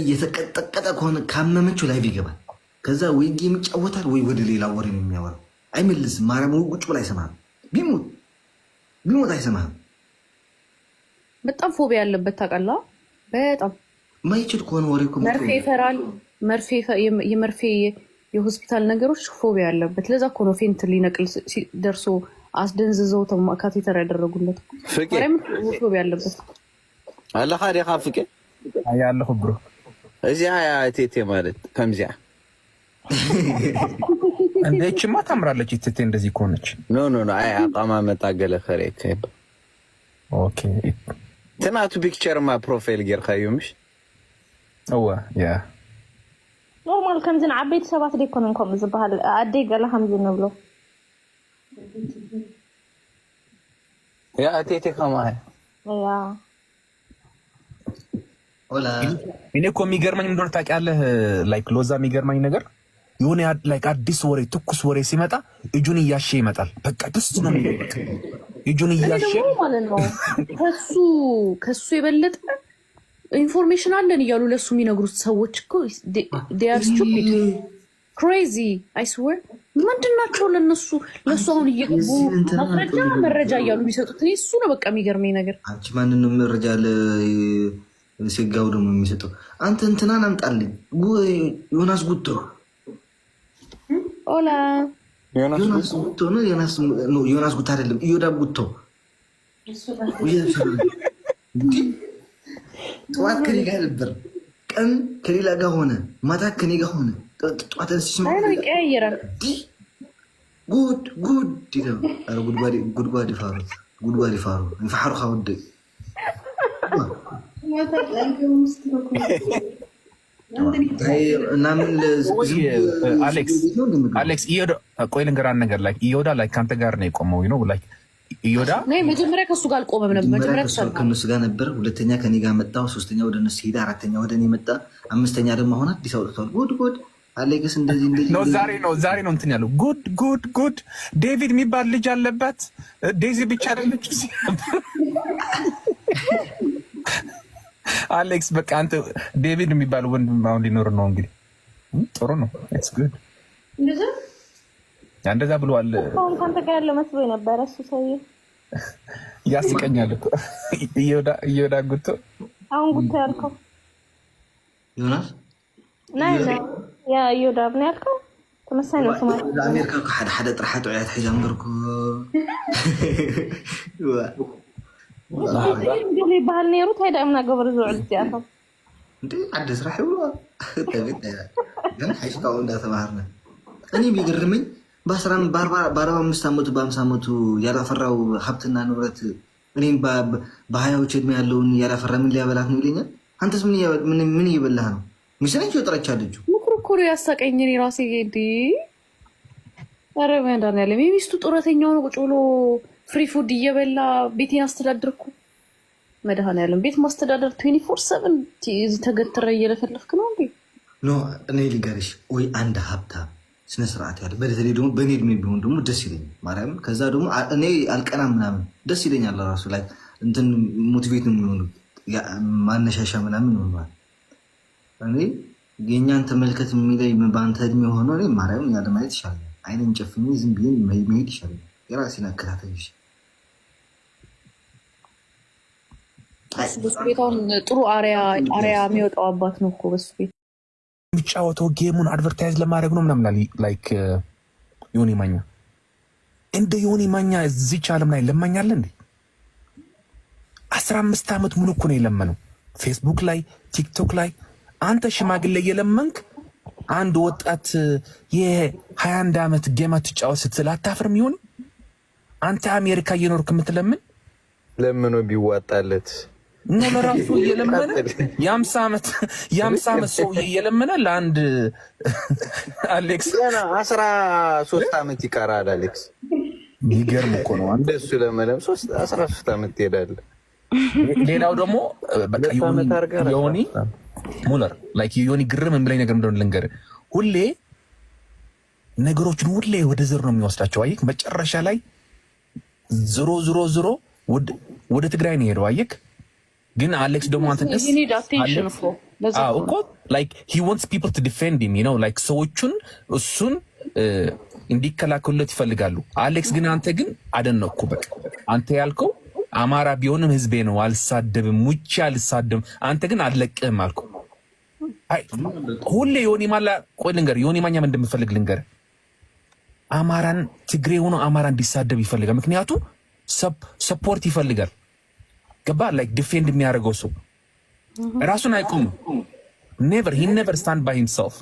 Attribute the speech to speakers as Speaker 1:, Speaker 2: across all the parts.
Speaker 1: እየተቀጠቀጠ ከሆነ ካመመችው ላይቭ ይገባል። ከዛ ወይ ጌም ይጫወታል ወይ ወደ ሌላ ወሬ ነው የሚያወራው። አይመልስም። ማርያም ቁጭ ብላ አይሰማህም። ቢሞት ቢሞት አይሰማህም።
Speaker 2: በጣም ፎቢያ ያለበት ታውቃለህ። በጣም
Speaker 1: ማይችል ከሆነ ወሬ
Speaker 2: መርፌ ይፈራል። መርፌ የመርፌ የሆስፒታል ነገሮች ፎቢያ ያለበት ለዛ ኮኖ ፌንት ሊነቅል ደርሶ አስደንዝዘው ካቴተር ያደረጉለት ፎቢያ ያለበት
Speaker 1: አለካ ዴካ ፍቄ ያለሁ ብሮ እዚያ ቴቴ ማለት ከምዚያ
Speaker 3: እንደችማ ታምራለች። ቴቴ እንደዚህ ከሆነች
Speaker 1: ኖ ኖ ኖ አይ መጣ ገለ ገለኸር ከይብ ኦኬ ትናቱ ፒክቸርማ ፕሮፋይል ጌርካዩ ምሽ
Speaker 3: እወ ያ
Speaker 2: ኖርማል ከምዝን ዓበይቲ ሰባት ደይኮነን ከምኡ ዝበሃል ኣደይ ገለ ከምዚ ንብሎ
Speaker 1: ያ ቴቴ ከማ ያ እኔ እኮ የሚገርመኝ እንደሆነ ታውቂያለህ፣ ላይክ ሎዛ የሚገርመኝ ነገር የሆነ ላይክ አዲስ ወሬ ትኩስ ወሬ ሲመጣ እጁን እያሸ ይመጣል። በቃ ደስ ነው የሚለው እጁን እያሸ
Speaker 2: ማለት ነው። ከሱ ከሱ የበለጠ ኢንፎርሜሽን አለን እያሉ ለእሱ የሚነግሩት ሰዎች እኮ ዴር ስቱፒድ ክሬዚ አይስወር ምንድን ናቸው ለእነሱ ለእሱ አሁን እየገቡ መረጃ መረጃ እያሉ የሚሰጡት እሱ ነው በቃ የሚገርመኝ ነገር።
Speaker 1: አንቺ መረጃ ሲጋው ደግሞ የሚሰጠው አንተ እንትናን አምጣልኝ። ዮናስ ጉቶ ኦላ ዮናስ ጉቶ አይደለም፣ እዮዳ ጉቶ። ጠዋት ከኔ ጋር ነበር፣ ቀን ከሌላ ጋር ሆነ፣ ማታ ከኔ ጋር ሆነ። ጠዋት ጉድ ጉድ ጉድጓድ ይፋሩት፣ ጉድጓድ ይፋሩ ይፋሩ ካወደ
Speaker 3: አሌክስ ቆይ ልንገርህ አንድ ነገር ላይ እዮዳ ላይ ከአንተ ጋር ነው የቆመው ነው ላይ እዮዳ
Speaker 2: መጀመሪያ ከሱ ጋር አልቆመም ነበር። መጀመሪያ
Speaker 1: ከእነሱ ጋር ነበር። ሁለተኛ ከኔ ጋር መጣ። ሶስተኛ ወደ እነሱ ሄደ። አራተኛ ወደ እኔ መጣ። አምስተኛ ደግሞ አሁን አዲስ አውጥቷል። ጉድ ጉድ አሌክስ እንደዚህ እንደዚህ
Speaker 3: ነው። ዛሬ ነው ዛሬ ነው እንትን ያለው ጉድ ጉድ ጉድ። ዴቪድ የሚባል ልጅ አለባት። ዴዚ ብቻ አይደለች አሌክስ በቃ አንተ ዴቪድ የሚባል ወንድም አሁን ሊኖር ነው እንግዲህ ጥሩ ነው። ስ ግድ እንደዛ ብለዋል።
Speaker 2: ከአንተ ጋር ያለ መስሎ ነበረ እሱ ሰውዬ
Speaker 3: ያስቀኛል እኮ እየወዳ ጉቶ
Speaker 2: አሁን ጉቶ ያልከው ዮናስ ናይ ያልከው ተመሳይ ነው ስማ
Speaker 1: ኣሜሪካ ሓደ ሓደ ጥራሓ ጥዑያት ሒዛ ንበርኩ
Speaker 2: ይበሃል ነይሩ እንታይ ዳእምና ገበረ ዝውዕል እዚኣቶም
Speaker 1: እንዴ ዓዲ ስራሕ ይብልዋ ግን ሓይሽ ካብኡ እንዳተባሃርነ እኔ ቢገርመኝ በአርባ አምስት ዓመቱ በአምሳ ዓመቱ ያላፈራው ሀብትና ንብረት እኔም በሀያዎች እድሜ ያለውን ያላፈራ ምን ሊያበላት ነው ይለኛል። አንተስ ምን እየበላህ ነው? ሚስነች ወጠረች አለች።
Speaker 2: ምኩርኩሩ ያሳቀኝ እኔ ራሴ ጌዲ ረመዳን ያለ የሚስቱ ጡረተኛውን ቁጭ ብሎ ፍሪ ፉድ እየበላ ቤቴን አስተዳደርኩ። መድኃኒዓለም ቤት ማስተዳደር ትዌንቲ ፎር ሰቨን ተገትረ እየለፈለፍክ ነው እንዴ?
Speaker 1: ኖ እኔ ልንገርሽ ወይ አንድ ሀብታም ስነስርዓት ያለ በተለይ ደግሞ በእኔ እድሜ ቢሆን ደግሞ ደስ ይለኛል። ማርያም ከዛ ደግሞ እኔ አልቀናም ምናምን ደስ ይለኛል። ራሱ ላይ እንትን ሞቲቬት ነው የሚሆኑ ማነሻሻ ምናምን ይሆናል። እኔ የእኛን ተመልከት የሚለይ በአንተ እድሜ ሆኖ ማርያም ያለማየት ይሻለኛል። አይንን ጨፍኜ ዝም ብዬ መሄድ ይሻለኛል። የራሴን አከታተል ይሻል
Speaker 2: ቤታውን ጥሩ አሪያ የሚወጣው አባት ነው እኮ በሱ ቤት
Speaker 1: የሚጫወተው ጌሙን አድቨርታይዝ ለማድረግ ነው ምናምን ላይክ ዮኒ ማኛ እንደ ዮኒ ማኛ እዚች አለም ላይ ለማኛለ እንዴ? አስራ አምስት ዓመት ሙሉ እኮ ነው የለመነው ፌስቡክ ላይ ቲክቶክ ላይ። አንተ ሽማግሌ የለመንክ አንድ ወጣት የሀያ አንድ ዓመት ጌማ ትጫወት ስትል አታፍርም? ይሆን አንተ አሜሪካ እየኖርክ የምትለምን
Speaker 3: ለምኖ ቢዋጣለት
Speaker 1: እና ለራሱ እየለመነ የአምሳ ዓመት የአምሳ ዓመት ሰውዬ እየለመነ ለአንድ አሌክስ
Speaker 3: አስራ ሶስት ዓመት ይቀራል። አሌክስ ይገርም እኮ ነው። አንድ እሱ ለመለም አስራ ሶስት ዓመት ትሄዳለህ።
Speaker 1: ሌላው ደግሞ ዮኒ ሙለር ላይክ ዮኒ ግርም የሚለኝ ነገር እንደሆነ ልንገር፣ ሁሌ ነገሮችን ሁሌ ወደ ዘር ነው የሚወስዳቸው። አየክ መጨረሻ ላይ ዝሮ ዝሮ ዝሮ ወደ ትግራይ ነው የሄደው አየክ ግን አሌክስ ደግሞ አንተ ደስ እኮ ላይክ ሂ ዋንትስ ፒፕል ቱ ዲፌንድ ሂም ነው ላይክ ሰዎቹን እሱን እንዲከላከሉለት ይፈልጋሉ። አሌክስ ግን አንተ ግን አደነኩ። በቃ አንተ ያልከው አማራ ቢሆንም ህዝቤ ነው አልሳደብም፣ ውጭ አልሳደብም። አንተ ግን አልለቅህም አልኩ። ሁሌ ዮኒ ማላ ቆይ ልንገር፣ ዮኒ ማኛም እንደምፈልግ ልንገር፣ አማራን ትግሬ ሆኖ አማራ እንዲሳደብ ይፈልጋል። ምክንያቱ ሰፖርት ይፈልጋል ገባ ላይክ ዲፌንድ የሚያደርገው ሰው ራሱን አይቆምም። ኔቨር ሂ ኔቨር ስታንድ ባይ ሂምሰልፍ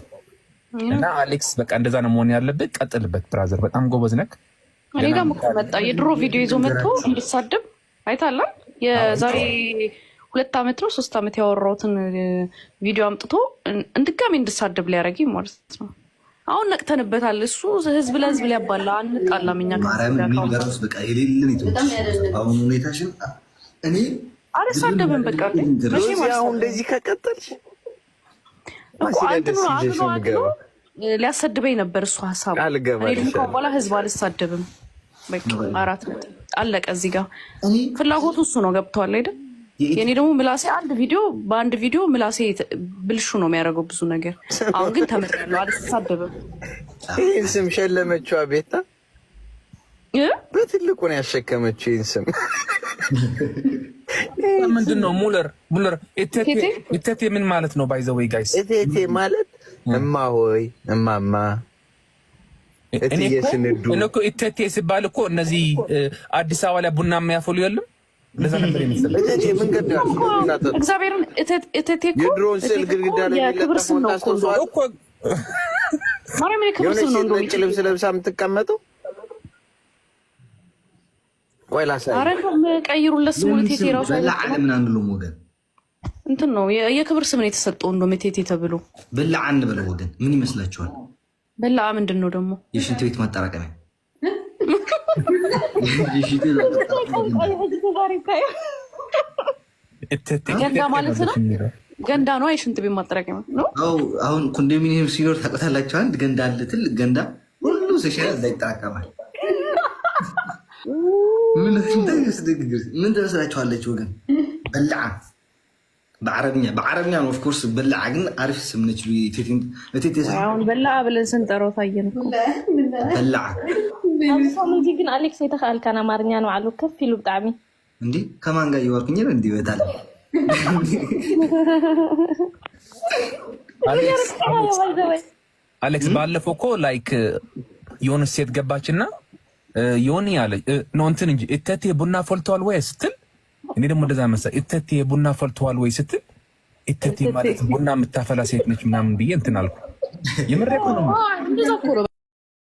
Speaker 1: እና አሌክስ በቃ እንደዛ ነው መሆን ያለብህ። ቀጥልበት ብራዘር፣ በጣም ጎበዝ ነክ።
Speaker 2: እኔ ጋር መጣ የድሮ ቪዲዮ ይዞ መጥቶ እንድሳድብ አይታላ። የዛሬ ሁለት ዓመት ነው ሶስት ዓመት ያወራሁትን ቪዲዮ አምጥቶ እንድጋሚ እንድሳድብ ሊያደረግ ማለት ነው። አሁን ነቅተንበታል። እሱ ህዝብ ለህዝብ ሊያባላ አንጣላም። እኛ
Speaker 1: ከማርያም የሚገራስ በቃ የሌለን ኢትዮጵያ አሁን ሁኔታሽን እኔ
Speaker 2: አረሳደብን በቃ አሁን
Speaker 1: እንደዚህ ከቀጠልሽ
Speaker 2: ሊያሰድበኝ ነበር እሱ ሀሳቡ። በኋላ ህዝብ አልሳደብም አራት አለቀ። እዚህ ጋር ፍላጎቱ እሱ ነው። ገብተዋል አይደል? የኔ ደግሞ ምላሴ አንድ ቪዲዮ በአንድ ቪዲዮ ምላሴ ብልሹ ነው የሚያደርገው ብዙ ነገር። አሁን ግን ተምሬያለሁ፣ አልሳደብም።
Speaker 1: ይህን ስም ሸለመችው ቤታ በትልቁ ነው ያሸከመችው ይህን ስም ምንድን ነው ሙለር ሙለር ኢቴቴ ምን ማለት ነው? ባይዘወይ ጋይስ
Speaker 3: ኢቴቴ ማለት እማ ሆይ እማማ
Speaker 1: እኔ እኮ ኢቴቴ ሲባል እኮ እነዚህ አዲስ አበባ ላይ ቡና የሚያፈሉ የለም። ለዛ ነበር
Speaker 2: እግዚአብሔርን ኢቴቴ እኮ የድሮውን ስዕል ግድግዳ ላይ የሚለጠፈውን ታስታውሰዋል እኮ ማርያም የክብር ስም
Speaker 1: ነው። ነጭ ልብስ ለብሳ የምትቀመጠው ቆይ ላሳይ።
Speaker 2: ቀይሩለት ቴቴ
Speaker 1: ወገን
Speaker 2: እንትን ነው የክብር ስም ነው የተሰጠው። እንደውም ቴቴ ተብሎ
Speaker 1: በላዓ እንበለው ወገን። ምን ይመስላችኋል?
Speaker 2: በላዓ ምንድን ነው ደግሞ?
Speaker 1: የሽንት ቤት ማጠራቀሚያ
Speaker 2: ገንዳ ማለት ነው። ገንዳ ነው። የሽንት ቤት ማጠራቀሚያ ነው።
Speaker 1: አሁን ኮንዶሚኒየም ሲኖር ታውቃላችሁ፣ አንድ ገንዳ አለ፣ ትልቅ ገንዳ። ሁሉ ሲሸጥ እዛ ይጠራቀማል። ምን ተመስላችኋለች ወገን? በልዓ በዓረብኛ በዓረብኛ ነው። ኦፍኮርስ በልዓ ግን አሪፍ ስም ነች።
Speaker 2: አሁን ብለን ስንጠራው ታየን። በልዓ ግን አሌክስ የተኽአልካን አማርኛ ነው አሉ ከፍ ኢሉ ብጣዕሚ
Speaker 1: እንዲ ከማን ጋር እየዋልኩኝ እንዲ ይበታል አሌክስ ባለፈው እኮ ላይክ የሆነ ሴት ገባችና ዮኒ አለ ነው እንትን እንጂ እተቴ ቡና ፈልተዋል ወይ ስትል፣ እኔ ደግሞ እንደዛ መሰ እተቴ ቡና ፈልተዋል ወይ ስትል፣ እተቴ ማለት ቡና የምታፈላ ሴት ነች ምናምን ብዬ እንትን አልኩ። የምሬ ነው።